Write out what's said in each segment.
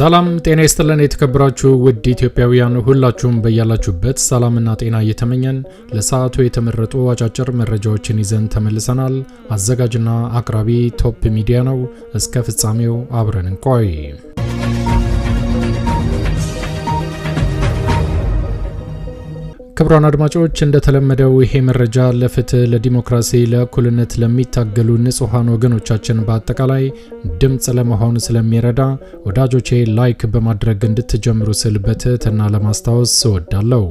ሰላም ጤና ይስጥልን። የተከበራችሁ ውድ ኢትዮጵያውያን ሁላችሁም በያላችሁበት ሰላምና ጤና እየተመኘን ለሰዓቱ የተመረጡ አጫጭር መረጃዎችን ይዘን ተመልሰናል። አዘጋጅና አቅራቢ ቶፕ ሚዲያ ነው። እስከ ፍጻሜው አብረን እንቆይ። ክቡራን አድማጮች እንደተለመደው ይሄ መረጃ ለፍትህ፣ ለዲሞክራሲ፣ ለእኩልነት ለሚታገሉ ንጹሐን ወገኖቻችን በአጠቃላይ ድምፅ ለመሆን ስለሚረዳ ወዳጆቼ ላይክ በማድረግ እንድትጀምሩ ስል በትህትና ለማስታወስ እወዳለሁ።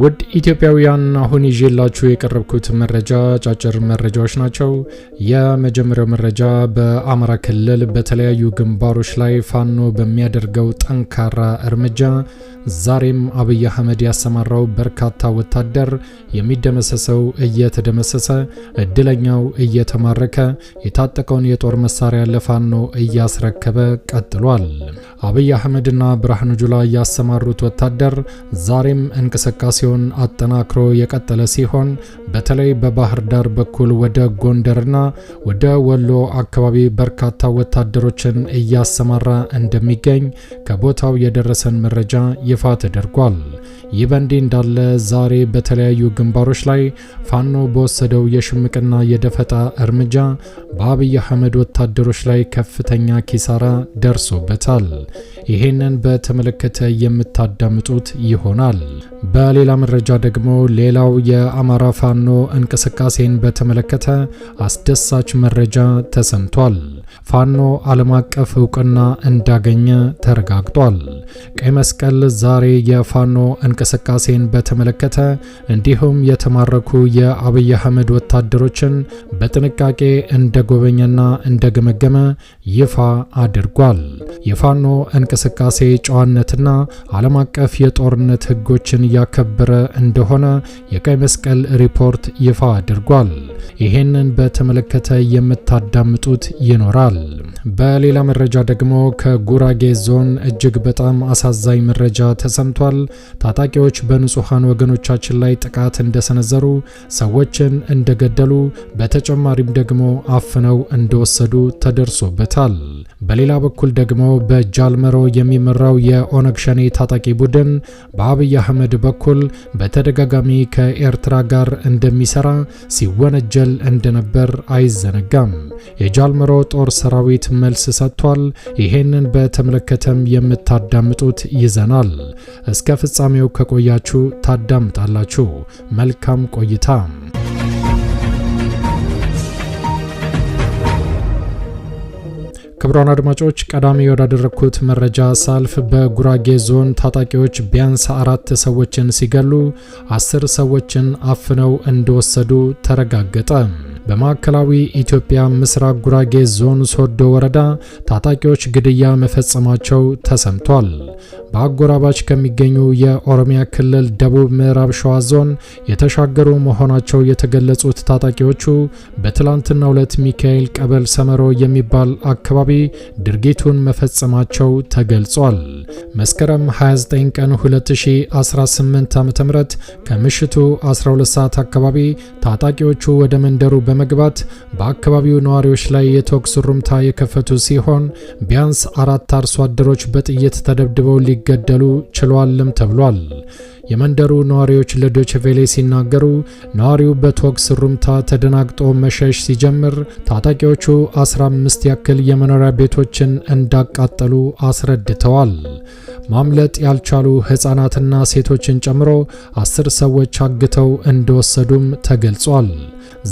ውድ ኢትዮጵያውያን አሁን ይዤላችሁ የቀረብኩት መረጃ ጫጭር መረጃዎች ናቸው። የመጀመሪያው መረጃ በአማራ ክልል በተለያዩ ግንባሮች ላይ ፋኖ በሚያደርገው ጠንካራ እርምጃ ዛሬም አብይ አህመድ ያሰማራው በርካታ ወታደር የሚደመሰሰው እየተደመሰሰ እድለኛው እየተማረከ የታጠቀውን የጦር መሳሪያ ለፋኖ እያስረከበ ቀጥሏል። አብይ አህመድና ብርሃኑ ጁላ ያሰማሩት ወታደር ዛሬም እንቅስቃሴውን አጠናክሮ የቀጠለ ሲሆን በተለይ በባህር ዳር በኩል ወደ ጎንደርና ወደ ወሎ አካባቢ በርካታ ወታደሮችን እያሰማራ እንደሚገኝ ከቦታው የደረሰን መረጃ ይፋ ተደርጓል። ይህ በእንዲህ እንዳለ ዛሬ በተለያዩ ግንባሮች ላይ ፋኖ በወሰደው የሽምቅና የደፈጣ እርምጃ በአብይ አህመድ ወታደሮች ላይ ከፍተኛ ኪሳራ ደርሶበታል። ይሄንን በተመለከተ የምታዳምጡት ይሆናል። በሌላ መረጃ ደግሞ ሌላው የአማራ ፋኖ እንቅስቃሴን በተመለከተ አስደሳች መረጃ ተሰምቷል። ፋኖ ዓለም አቀፍ እውቅና እንዳገኘ ተረጋግጧል። ቀይ መስቀል ዛሬ የፋኖ እንቅስቃሴን በተመለከተ እንዲሁም የተማረኩ የአብይ አህመድ ወታደሮችን በጥንቃቄ እንደጎበኘና እንደገመገመ ይፋ አድርጓል። የፋኖ እንቅስቃሴ ጨዋነትና ዓለም አቀፍ የጦርነት ህጎችን ያከበረ እንደሆነ የቀይ መስቀል ሪፖርት ይፋ አድርጓል። ይሄንን በተመለከተ የምታዳምጡት ይኖራል። ተሰምቷል። በሌላ መረጃ ደግሞ ከጉራጌ ዞን እጅግ በጣም አሳዛኝ መረጃ ተሰምቷል። ታጣቂዎች በንጹሐን ወገኖቻችን ላይ ጥቃት እንደሰነዘሩ፣ ሰዎችን እንደገደሉ፣ በተጨማሪም ደግሞ አፍነው እንደወሰዱ ተደርሶበታል። በሌላ በኩል ደግሞ በጃልመሮ የሚመራው የኦነግ ሸኔ ታጣቂ ቡድን በአብይ አህመድ በኩል በተደጋጋሚ ከኤርትራ ጋር እንደሚሰራ ሲወነጀል እንደነበር አይዘነጋም። የጃልመሮ ጦር ሰራዊት መልስ ሰጥቷል። ይሄንን በተመለከተም የምታዳምጡት ይዘናል። እስከ ፍጻሜው ከቆያችሁ ታዳምጣላችሁ። መልካም ቆይታ። ክቡራን አድማጮች ቀዳሚ ወዳደረግኩት መረጃ ሳልፍ በጉራጌ ዞን ታጣቂዎች ቢያንስ አራት ሰዎችን ሲገሉ አስር ሰዎችን አፍነው እንደወሰዱ ተረጋገጠ። በማዕከላዊ ኢትዮጵያ ምስራቅ ጉራጌ ዞን ሶዶ ወረዳ ታጣቂዎች ግድያ መፈጸማቸው ተሰምቷል። በአጎራባች ከሚገኙ የኦሮሚያ ክልል ደቡብ ምዕራብ ሸዋ ዞን የተሻገሩ መሆናቸው የተገለጹት ታጣቂዎቹ በትላንትናው ዕለት ሚካኤል ቀበል ሰመሮ የሚባል አካባቢ ድርጊቱን መፈጸማቸው ተገልጿል። መስከረም 29 ቀን 2018 ዓ.ም ከምሽቱ 12 ሰዓት አካባቢ ታጣቂዎቹ ወደ መንደሩ በመግባት በአካባቢው ነዋሪዎች ላይ የተኩስ ሩምታ የከፈቱ ሲሆን ቢያንስ አራት አርሶ አደሮች በጥይት ተደብድበው ሊገደሉ ችሏልም ተብሏል። የመንደሩ ነዋሪዎች ለዶችቬሌ ሲናገሩ ነዋሪው በተኩስ ሩምታ ተደናግጦ መሸሽ ሲጀምር ታጣቂዎቹ 15 ያክል የመኖሪያ ቤቶችን እንዳቃጠሉ አስረድተዋል። ማምለጥ ያልቻሉ ሕፃናትና ሴቶችን ጨምሮ አስር ሰዎች አግተው እንደወሰዱም ተገልጿል።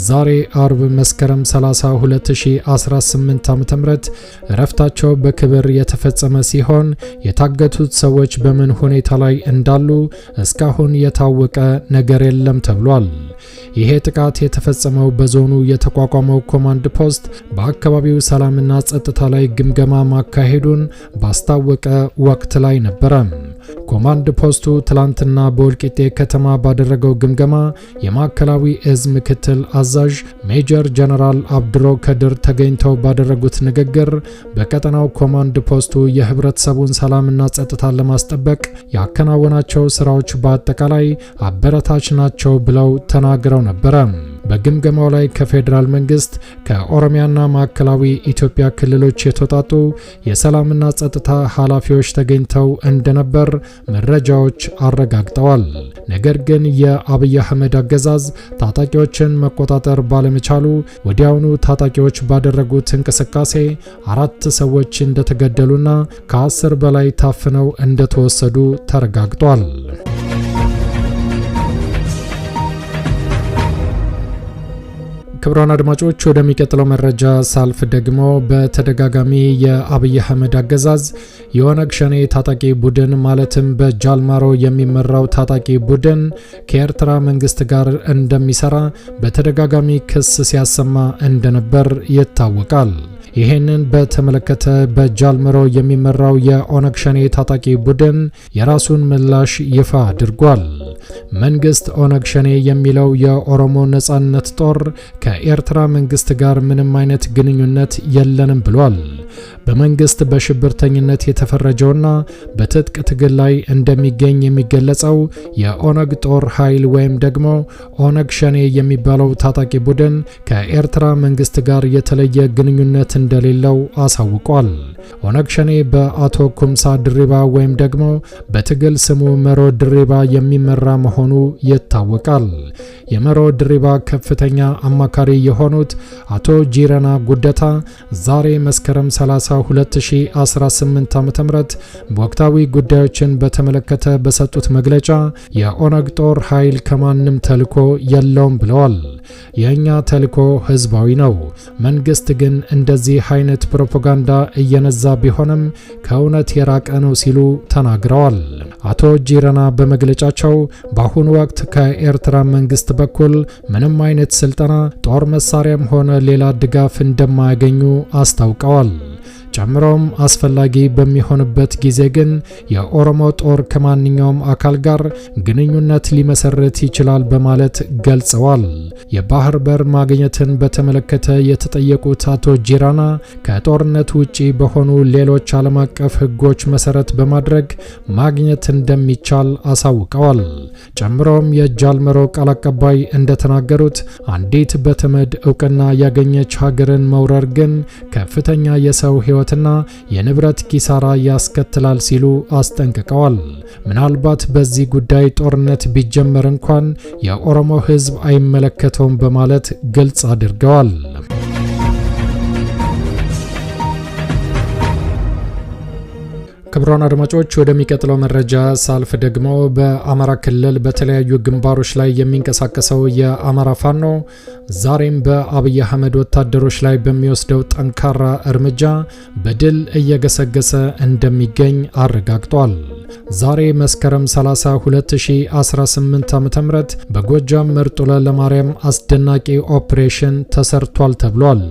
ዛሬ አርብ መስከረም 30 2018 ዓ.ም እረፍታቸው በክብር የተፈጸመ ሲሆን የታገቱት ሰዎች በምን ሁኔታ ላይ እንዳሉ እስካሁን የታወቀ ነገር የለም ተብሏል። ይሄ ጥቃት የተፈጸመው በዞኑ የተቋቋመው ኮማንድ ፖስት በአካባቢው ሰላምና ጸጥታ ላይ ግምገማ ማካሄዱን ባስታወቀ ወቅት ላይ ነበረ። ኮማንድ ፖስቱ ትላንትና በወልቂጤ ከተማ ባደረገው ግምገማ የማዕከላዊ እዝ ምክትል አዛዥ ሜጀር ጀነራል አብድሮ ከድር ተገኝተው ባደረጉት ንግግር በቀጠናው ኮማንድ ፖስቱ የህብረተሰቡን ሰላምና ጸጥታ ለማስጠበቅ ያከናወናቸው ስራዎች በአጠቃላይ አበረታች ናቸው ብለው ተናግረው ነበረ። በግምገማው ላይ ከፌዴራል መንግስት ከኦሮሚያና ማዕከላዊ ኢትዮጵያ ክልሎች የተውጣጡ የሰላምና ጸጥታ ኃላፊዎች ተገኝተው እንደነበር መረጃዎች አረጋግጠዋል። ነገር ግን የአብይ አህመድ አገዛዝ ታጣቂዎችን መቆጣጠር ባለመቻሉ ወዲያውኑ ታጣቂዎች ባደረጉት እንቅስቃሴ አራት ሰዎች እንደተገደሉና ከአስር በላይ ታፍነው እንደተወሰዱ ተረጋግጧል። ክቡራን አድማጮች ወደሚቀጥለው መረጃ ሳልፍ ደግሞ በተደጋጋሚ የአብይ አህመድ አገዛዝ የኦነግ ሸኔ ታጣቂ ቡድን ማለትም በጃልማሮ የሚመራው ታጣቂ ቡድን ከኤርትራ መንግስት ጋር እንደሚሰራ በተደጋጋሚ ክስ ሲያሰማ እንደነበር ይታወቃል። ይህንን በተመለከተ በጃልመሮ የሚመራው የኦነግ ሸኔ ታጣቂ ቡድን የራሱን ምላሽ ይፋ አድርጓል። መንግስት ኦነግ ሸኔ የሚለው የኦሮሞ ነጻነት ጦር ከኤርትራ መንግስት ጋር ምንም አይነት ግንኙነት የለንም ብሏል። በመንግስት በሽብርተኝነት የተፈረጀውና በትጥቅ ትግል ላይ እንደሚገኝ የሚገለጸው የኦነግ ጦር ኃይል ወይም ደግሞ ኦነግ ሸኔ የሚባለው ታጣቂ ቡድን ከኤርትራ መንግስት ጋር የተለየ ግንኙነት እንደሌለው አሳውቋል። ኦነግ ሸኔ በአቶ ኩምሳ ድሪባ ወይም ደግሞ በትግል ስሙ መሮ ድሪባ የሚመራ መሆኑ ይታወቃል። የመሮ ድሪባ ከፍተኛ አማካሪ የሆኑት አቶ ጂረና ጉደታ ዛሬ መስከረም 30 2018 ዓ ም በወቅታዊ ጉዳዮችን በተመለከተ በሰጡት መግለጫ የኦነግ ጦር ኃይል ከማንም ተልኮ የለውም ብለዋል። የእኛ ተልኮ ህዝባዊ ነው። መንግስት ግን እንደዚህ አይነት ፕሮፓጋንዳ እየነዛ ቢሆንም ከእውነት የራቀ ነው ሲሉ ተናግረዋል። አቶ ጂረና በመግለጫቸው በአሁኑ ወቅት ከኤርትራ መንግስት በኩል ምንም አይነት ስልጠና፣ ጦር መሳሪያም ሆነ ሌላ ድጋፍ እንደማያገኙ አስታውቀዋል። ጨምሮም አስፈላጊ በሚሆንበት ጊዜ ግን የኦሮሞ ጦር ከማንኛውም አካል ጋር ግንኙነት ሊመሰርት ይችላል በማለት ገልጸዋል። የባህር በር ማግኘትን በተመለከተ የተጠየቁት አቶ ጂራና ከጦርነት ውጪ በሆኑ ሌሎች ዓለም አቀፍ ሕጎች መሰረት በማድረግ ማግኘት እንደሚቻል አሳውቀዋል። ጨምሮም የጃልመሮ ቃል አቀባይ እንደተናገሩት አንዲት በተመድ እውቅና ያገኘች ሀገርን መውረር ግን ከፍተኛ የሰው ሕይወት ሕይወትና የንብረት ኪሳራ ያስከትላል ሲሉ አስጠንቅቀዋል። ምናልባት በዚህ ጉዳይ ጦርነት ቢጀመር እንኳን የኦሮሞ ሕዝብ አይመለከተውም በማለት ግልጽ አድርገዋል። ክቡራን አድማጮች ወደሚቀጥለው መረጃ ሳልፍ ደግሞ በአማራ ክልል በተለያዩ ግንባሮች ላይ የሚንቀሳቀሰው የአማራ ፋኖ ዛሬም በአብይ አህመድ ወታደሮች ላይ በሚወስደው ጠንካራ እርምጃ በድል እየገሰገሰ እንደሚገኝ አረጋግጧል። ዛሬ መስከረም 30 2018 ዓ.ም በጎጃም መርጡለ ለማርያም አስደናቂ ኦፕሬሽን ተሰርቷል ተብሏል።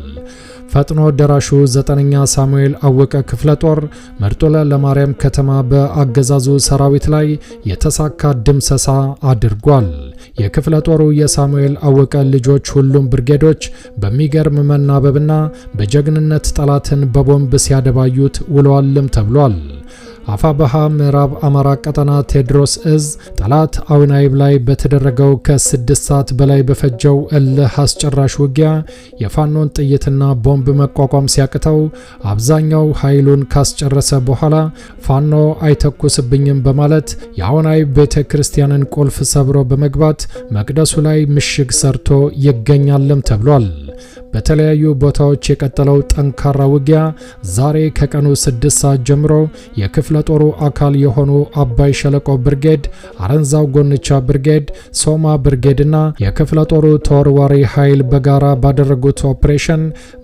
ፈጥኖ ደራሹ ዘጠነኛ ሳሙኤል አወቀ ክፍለ ጦር መርጦ ለማርያም ከተማ በአገዛዙ ሰራዊት ላይ የተሳካ ድምሰሳ አድርጓል። የክፍለ ጦሩ የሳሙኤል አወቀ ልጆች ሁሉም ብርጌዶች በሚገርም መናበብና በጀግንነት ጠላትን በቦምብ ሲያደባዩት ውለዋልም ተብሏል። አፋበሃ ምዕራብ አማራ ቀጠና ቴዎድሮስ እዝ ጠላት አውናይብ ላይ በተደረገው ከስድስት ሰዓት በላይ በፈጀው እልህ አስጨራሽ ውጊያ የፋኖን ጥይትና ቦምብ መቋቋም ሲያቅተው አብዛኛው ኃይሉን ካስጨረሰ በኋላ ፋኖ አይተኩስብኝም በማለት የአውናይብ ቤተ ክርስቲያንን ቁልፍ ሰብሮ በመግባት መቅደሱ ላይ ምሽግ ሰርቶ ይገኛልም ተብሏል። በተለያዩ ቦታዎች የቀጠለው ጠንካራ ውጊያ ዛሬ ከቀኑ ስድስት ሰዓት ጀምሮ የክፍለ ጦሩ አካል የሆኑ አባይ ሸለቆ ብርጌድ፣ አረንዛው ጎንቻ ብርጌድ፣ ሶማ ብርጌድ እና የክፍለ ጦሩ ተወርዋሪ ኃይል በጋራ ባደረጉት ኦፕሬሽን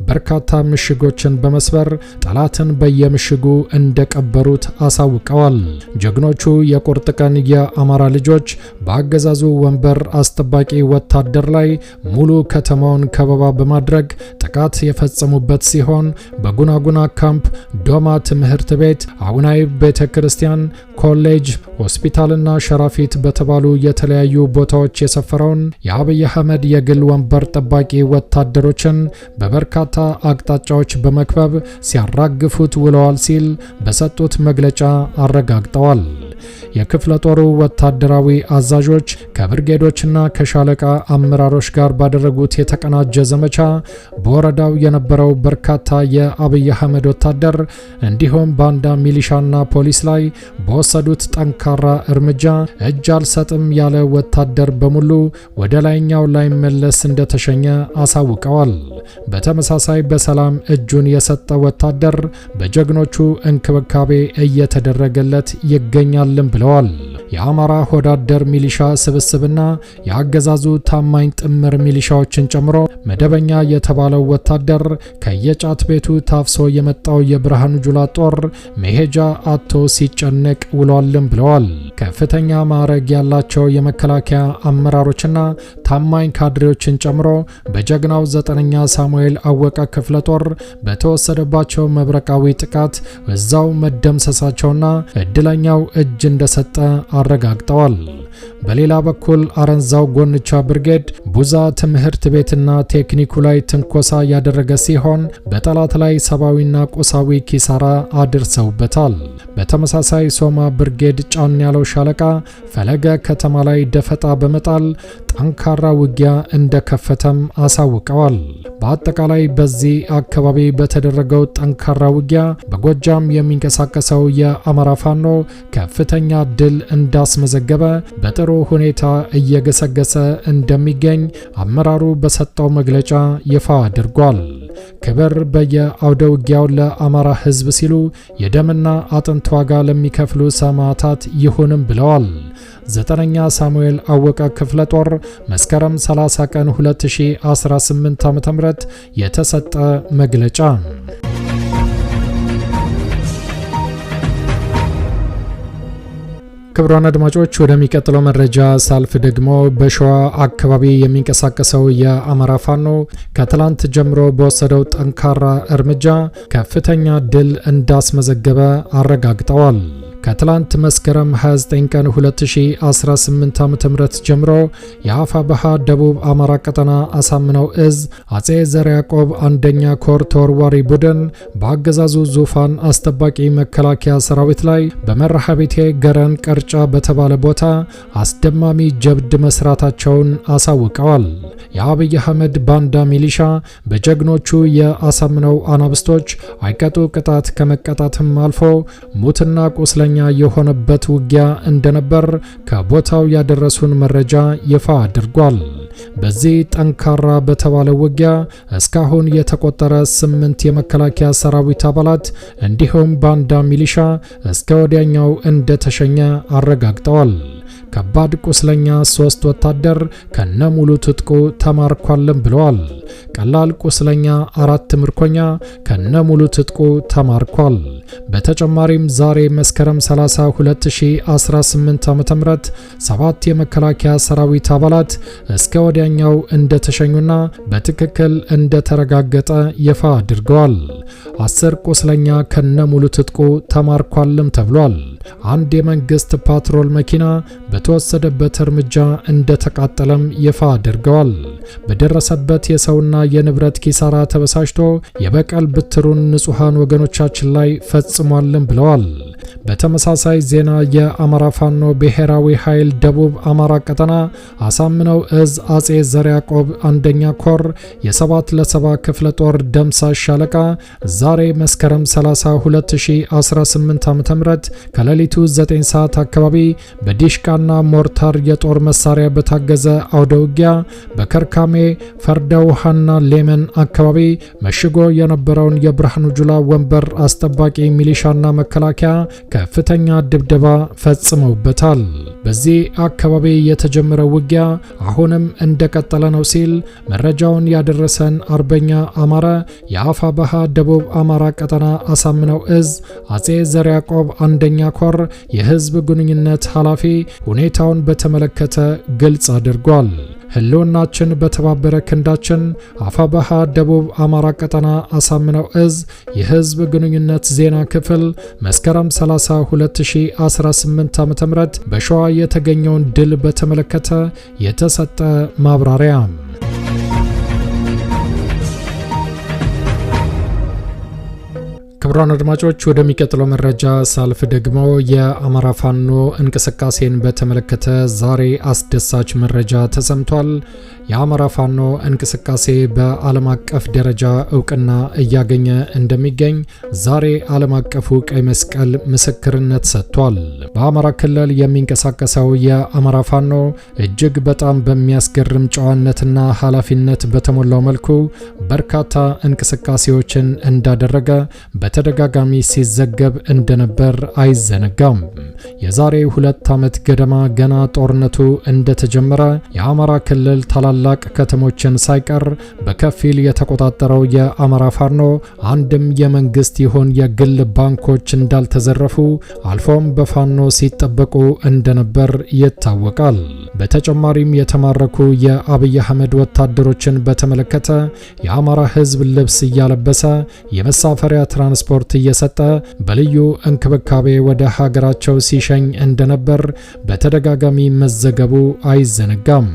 በርካታ ምሽጎችን በመስበር ጠላትን በየምሽጉ እንደቀበሩት አሳውቀዋል። ጀግኖቹ የቁርጥ ቀን የአማራ ልጆች በአገዛዙ ወንበር አስጠባቂ ወታደር ላይ ሙሉ ከተማውን ከበባ በማድረግ በማድረግ ጥቃት የፈጸሙበት ሲሆን በጉናጉና ካምፕ፣ ዶማ ትምህርት ቤት፣ አቡናዊ ቤተ ክርስቲያን፣ ኮሌጅ፣ ሆስፒታልና ሸራፊት በተባሉ የተለያዩ ቦታዎች የሰፈረውን የአብይ አህመድ የግል ወንበር ጠባቂ ወታደሮችን በበርካታ አቅጣጫዎች በመክበብ ሲያራግፉት ውለዋል ሲል በሰጡት መግለጫ አረጋግጠዋል። የክፍለ ጦሩ ወታደራዊ አዛዦች ከብርጌዶችና ከሻለቃ አመራሮች ጋር ባደረጉት የተቀናጀ ዘመቻ በወረዳው የነበረው በርካታ የአብይ አህመድ ወታደር እንዲሁም ባንዳ ሚሊሻና ፖሊስ ላይ በወሰዱት ጠንካራ እርምጃ እጅ አልሰጥም ያለ ወታደር በሙሉ ወደ ላይኛው ላይመለስ እንደተሸኘ አሳውቀዋል። በተመሳሳይ በሰላም እጁን የሰጠ ወታደር በጀግኖቹ እንክብካቤ እየተደረገለት ይገኛል እንወስዳለን ብለዋል። የአማራ ሆዳደር ሚሊሻ ስብስብና የአገዛዙ ታማኝ ጥምር ሚሊሻዎችን ጨምሮ መደበኛ የተባለው ወታደር ከየጫት ቤቱ ታፍሶ የመጣው የብርሃኑ ጁላ ጦር መሄጃ አቶ ሲጨነቅ ውሏልን ብለዋል። ከፍተኛ ማዕረግ ያላቸው የመከላከያ አመራሮችና ታማኝ ካድሬዎችን ጨምሮ በጀግናው ዘጠነኛ ሳሙኤል አወቀ ክፍለ ጦር በተወሰደባቸው መብረቃዊ ጥቃት እዛው መደምሰሳቸውና እድለኛው እጅ እንደሰጠ አረጋግጠዋል። በሌላ በኩል አረንዛው ጎንቻ ብርጌድ ቡዛ ትምህርት ቤትና ቴክኒኩ ላይ ትንኮሳ ያደረገ ሲሆን በጠላት ላይ ሰብአዊና ቁሳዊ ኪሳራ አድርሰውበታል። በተመሳሳይ ሶማ ብርጌድ ጫን ያለው ሻለቃ ፈለገ ከተማ ላይ ደፈጣ በመጣል ጠንካራ ውጊያ እንደከፈተም አሳውቀዋል። በአጠቃላይ በዚህ አካባቢ በተደረገው ጠንካራ ውጊያ በጎጃም የሚንቀሳቀሰው የአማራ ፋኖ ከፍተኛ ድል እንዳስመዘገበ በጥሩ ሁኔታ እየገሰገሰ እንደሚገኝ አመራሩ በሰጠው መግለጫ ይፋ አድርጓል። ክብር በየአውደ ውጊያው ለአማራ ሕዝብ ሲሉ የደምና አጥንት ዋጋ ለሚከፍሉ ሰማዕታት ይሁንም ብለዋል። ዘጠነኛ ሳሙኤል አወቀ ክፍለ ጦር መስከረም 30 ቀን 2018 ዓ.ም የተሰጠ መግለጫ ክቡራን አድማጮች ወደሚቀጥለው መረጃ ሳልፍ ደግሞ በሸዋ አካባቢ የሚንቀሳቀሰው የአማራ ፋኖ ከትላንት ጀምሮ በወሰደው ጠንካራ እርምጃ ከፍተኛ ድል እንዳስመዘገበ አረጋግጠዋል። ከትላንት መስከረም 29 ቀን 2018 ዓ.ም ጀምሮ የአፋ ባሃ ደቡብ አማራ ቀጠና አሳምነው እዝ አጼ ዘር ያዕቆብ አንደኛ ኮር ተወርዋሪ ቡድን በአገዛዙ ዙፋን አስጠባቂ መከላከያ ሰራዊት ላይ በመርሃ ቤቴ ገረን ቀርጫ በተባለ ቦታ አስደማሚ ጀብድ መስራታቸውን አሳውቀዋል። የአብይ አህመድ ባንዳ ሚሊሻ በጀግኖቹ የአሳምነው አናብስቶች አይቀጡ ቅጣት ከመቀጣትም አልፎ ሙትና ቁስለኛ ከፍተኛ የሆነበት ውጊያ እንደነበር ከቦታው ያደረሱን መረጃ ይፋ አድርጓል። በዚህ ጠንካራ በተባለ ውጊያ እስካሁን የተቆጠረ ስምንት የመከላከያ ሰራዊት አባላት እንዲሁም ባንዳ ሚሊሻ እስከ ወዲያኛው እንደተሸኘ አረጋግጠዋል። ከባድ ቁስለኛ ሶስት ወታደር ከነ ሙሉ ትጥቁ ተማርኳልን ብለዋል። ቀላል ቁስለኛ አራት ምርኮኛ ከነ ሙሉ ትጥቁ ተማርኳል። በተጨማሪም ዛሬ መስከረም 30 2018 ዓ.ም ሰባት የመከላከያ ሰራዊት አባላት እስከ ወዲያኛው እንደተሸኙና በትክክል እንደተረጋገጠ ይፋ አድርገዋል። አስር ቁስለኛ ከነሙሉ ትጥቁ ተማርኳልም ተብሏል። አንድ የመንግስት ፓትሮል መኪና በተወሰደበት እርምጃ እንደተቃጠለም ይፋ አድርገዋል። በደረሰበት የሰውና የንብረት ኪሳራ ተበሳጭቶ የበቀል ብትሩን ንጹሐን ወገኖቻችን ላይ ፈጽሟልን ብለዋል። በተመሳሳይ ዜና የአማራ ፋኖ ብሔራዊ ኃይል ደቡብ አማራ ቀጠና አሳምነው እዝ አጼ ዘርያቆብ አንደኛ ኮር የሰባት ለሰባ ክፍለ ጦር ደምሳ ሻለቃ ዛሬ መስከረም 30 2018 ዓ.ም ከሌሊቱ 9 ሰዓት አካባቢ በዲሽቃና ሞርታር የጦር መሳሪያ በታገዘ አውደ ውጊያ በከርካሜ ፈርደ ውሃና ሌመን አካባቢ መሽጎ የነበረውን የብርሃኑ ጁላ ወንበር አስጠባቂ ሚሊሻና መከላከያ ከፍተኛ ድብደባ ፈጽመውበታል። በዚህ አካባቢ የተጀመረው ውጊያ አሁንም እንደቀጠለ ነው ሲል መረጃውን ያደረሰን አርበኛ አማረ የአፋ ባሃ ደቡብ አማራ ቀጠና አሳምነው እዝ አጼ ዘር ያዕቆብ አንደኛ ኮር የህዝብ ግንኙነት ኃላፊ ሁኔታውን በተመለከተ ግልጽ አድርጓል። ህልውናችን በተባበረ ክንዳችን። አፋበሃ ደቡብ አማራ ቀጠና አሳምነው እዝ የህዝብ ግንኙነት ዜና ክፍል መስከረም 30 2018 ዓ.ም በሸዋ የተገኘውን ድል በተመለከተ የተሰጠ ማብራሪያ ክቡራን አድማጮች ወደሚቀጥለው መረጃ ሳልፍ ደግሞ የአማራ ፋኖ እንቅስቃሴን በተመለከተ ዛሬ አስደሳች መረጃ ተሰምቷል። የአማራ ፋኖ እንቅስቃሴ በዓለም አቀፍ ደረጃ እውቅና እያገኘ እንደሚገኝ ዛሬ ዓለም አቀፉ ቀይ መስቀል ምስክርነት ሰጥቷል። በአማራ ክልል የሚንቀሳቀሰው የአማራ ፋኖ እጅግ በጣም በሚያስገርም ጨዋነትና ኃላፊነት በተሞላው መልኩ በርካታ እንቅስቃሴዎችን እንዳደረገ በተደጋጋሚ ሲዘገብ እንደነበር አይዘነጋም። የዛሬ ሁለት ዓመት ገደማ ገና ጦርነቱ እንደተጀመረ የአማራ ክልል ታላላቅ ከተሞችን ሳይቀር በከፊል የተቆጣጠረው የአማራ ፋኖ አንድም የመንግስት ይሁን የግል ባንኮች እንዳልተዘረፉ አልፎም በፋኖ ሲጠበቁ እንደነበር ይታወቃል። በተጨማሪም የተማረኩ የአብይ አህመድ ወታደሮችን በተመለከተ የአማራ ህዝብ ልብስ እያለበሰ የመሳፈሪያ ትራንስፖርት እየሰጠ በልዩ እንክብካቤ ወደ ሀገራቸው ሲሸኝ እንደነበር በተደጋጋሚ መዘገቡ አይዘነጋም።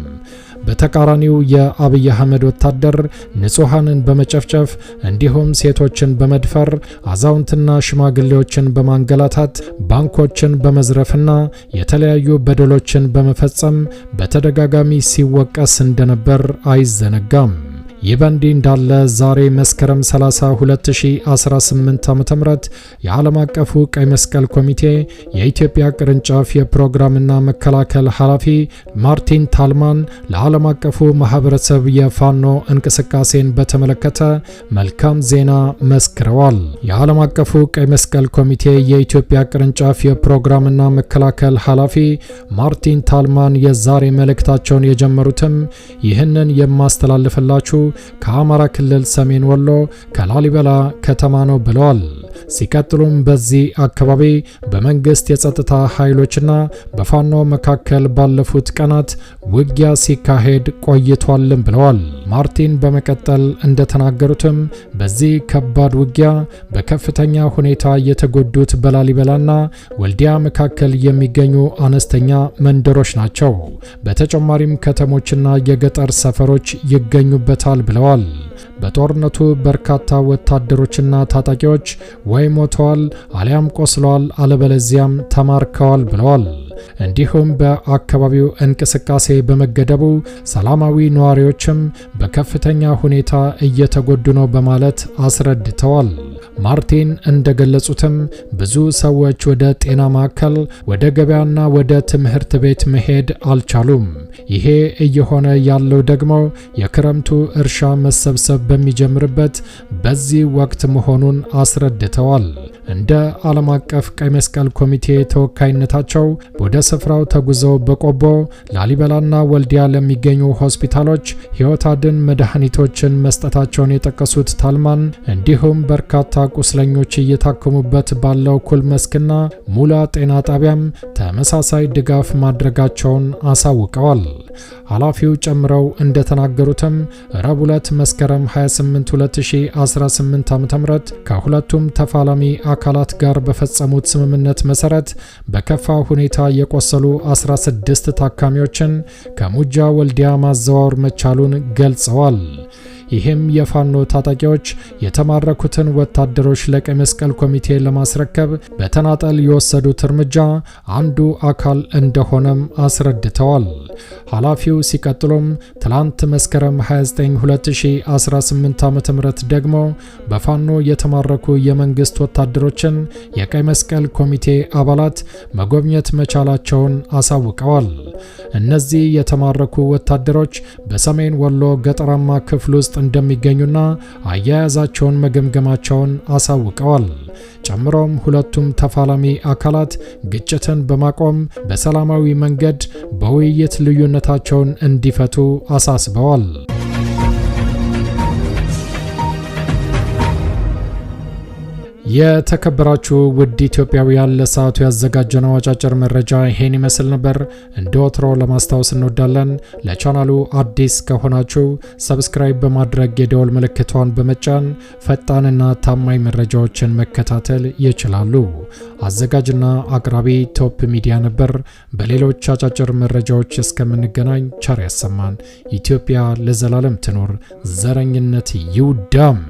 በተቃራኒው የአብይ አህመድ ወታደር ንጹሐንን በመጨፍጨፍ እንዲሁም ሴቶችን በመድፈር አዛውንትና ሽማግሌዎችን በማንገላታት ባንኮችን በመዝረፍና የተለያዩ በደሎችን በመፈጸም በተደጋጋሚ ሲወቀስ እንደነበር አይዘነጋም። ይህ በእንዲህ እንዳለ ዛሬ መስከረም 30 2018 ዓ ም የዓለም አቀፉ ቀይ መስቀል ኮሚቴ የኢትዮጵያ ቅርንጫፍ የፕሮግራምና መከላከል ኃላፊ ማርቲን ታልማን ለዓለም አቀፉ ማህበረሰብ የፋኖ እንቅስቃሴን በተመለከተ መልካም ዜና መስክረዋል። የዓለም አቀፉ ቀይ መስቀል ኮሚቴ የኢትዮጵያ ቅርንጫፍ የፕሮግራምና መከላከል ኃላፊ ማርቲን ታልማን የዛሬ መልእክታቸውን የጀመሩትም ይህንን የማስተላልፍላችሁ ከአማራ ክልል ሰሜን ወሎ ከላሊበላ ከተማ ነው ብለዋል። ሲቀጥሉም በዚህ አካባቢ በመንግስት የጸጥታ ኃይሎችና በፋኖ መካከል ባለፉት ቀናት ውጊያ ሲካሄድ ቆይቷልም ብለዋል። ማርቲን በመቀጠል እንደተናገሩትም በዚህ ከባድ ውጊያ በከፍተኛ ሁኔታ የተጎዱት በላሊበላና ወልዲያ መካከል የሚገኙ አነስተኛ መንደሮች ናቸው። በተጨማሪም ከተሞችና የገጠር ሰፈሮች ይገኙበታል ብለዋል። በጦርነቱ በርካታ ወታደሮችና ታጣቂዎች ወይ ሞተዋል አሊያም ቆስለዋል፣ አለበለዚያም ተማርከዋል ብለዋል። እንዲሁም በአካባቢው እንቅስቃሴ በመገደቡ ሰላማዊ ነዋሪዎችም በከፍተኛ ሁኔታ እየተጎዱ ነው በማለት አስረድተዋል። ማርቲን እንደገለጹትም ብዙ ሰዎች ወደ ጤና ማዕከል፣ ወደ ገበያና ወደ ትምህርት ቤት መሄድ አልቻሉም። ይሄ እየሆነ ያለው ደግሞ የክረምቱ እርሻ መሰብሰብ በሚጀምርበት በዚህ ወቅት መሆኑን አስረድተዋል። እንደ ዓለም አቀፍ ቀይ መስቀል ኮሚቴ ተወካይነታቸው ወደ ስፍራው ተጉዘው በቆቦ ላሊበላና ወልዲያ ለሚገኙ ሆስፒታሎች ሕይወት አድን መድኃኒቶችን መስጠታቸውን የጠቀሱት ታልማን እንዲሁም በርካታ ቁስለኞች እየታከሙበት ባለው ኩል መስክና ሙላ ጤና ጣቢያም ተመሳሳይ ድጋፍ ማድረጋቸውን አሳውቀዋል። ኃላፊው ጨምረው እንደተናገሩትም ረቡዕ ዕለት መስከረም 28 2018 ዓ.ም ከሁለቱም ተፋላሚ አካላት ጋር በፈጸሙት ስምምነት መሰረት በከፋ ሁኔታ የቆሰሉ 16 ታካሚዎችን ከሙጃ ወልዲያ ማዘዋወር መቻሉን ገልጸዋል። ይህም የፋኖ ታጣቂዎች የተማረኩትን ወታደሮች ለቀይ መስቀል ኮሚቴ ለማስረከብ በተናጠል የወሰዱት እርምጃ አንዱ አካል እንደሆነም አስረድተዋል። ኃላፊው ሲቀጥሉም ትላንት መስከረም 29 2018 ዓ ም ደግሞ በፋኖ የተማረኩ የመንግስት ወታደሮችን የቀይ መስቀል ኮሚቴ አባላት መጎብኘት መቻላቸውን አሳውቀዋል። እነዚህ የተማረኩ ወታደሮች በሰሜን ወሎ ገጠራማ ክፍል ውስጥ እንደሚገኙና አያያዛቸውን መገምገማቸውን አሳውቀዋል። ጨምሮም ሁለቱም ተፋላሚ አካላት ግጭትን በማቆም በሰላማዊ መንገድ በውይይት ልዩነታቸውን እንዲፈቱ አሳስበዋል። የተከበራችሁ ውድ ኢትዮጵያውያን ለሰዓቱ ያዘጋጀነው አጫጭር መረጃ ይሄን ይመስል ነበር። እንደ ወትሮ ለማስታወስ እንወዳለን፣ ለቻናሉ አዲስ ከሆናችሁ ሰብስክራይብ በማድረግ የደወል ምልክቷን በመጫን ፈጣንና ታማኝ መረጃዎችን መከታተል ይችላሉ። አዘጋጅና አቅራቢ ቶፕ ሚዲያ ነበር። በሌሎች አጫጭር መረጃዎች እስከምንገናኝ ቸር ያሰማን። ኢትዮጵያ ለዘላለም ትኖር! ዘረኝነት ይውደም!